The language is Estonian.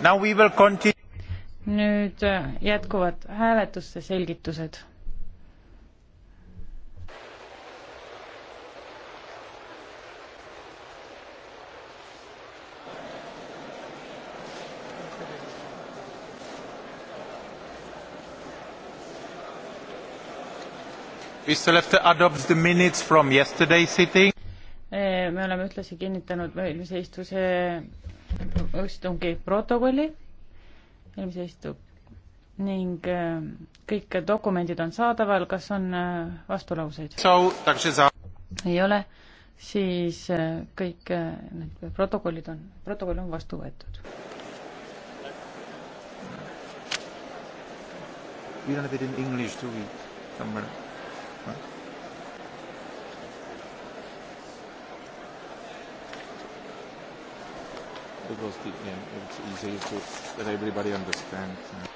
nüüd äh, jätkuvad hääletuste selgitused. We still have to adopt the minutes from yesterday's sitting. Äh, me oleme ühtlasi kinnitanud eelmise istuse istungi protokolli, eelmise istu- ning äh, kõik dokumendid on saadaval, kas on äh, vastulauseid? ei ole, siis äh, kõik need protokollid on, protokoll on vastu võetud. We don't have it in English, do we? Somewhere. It was the, yeah, it's easy to, that everybody understands. Yeah.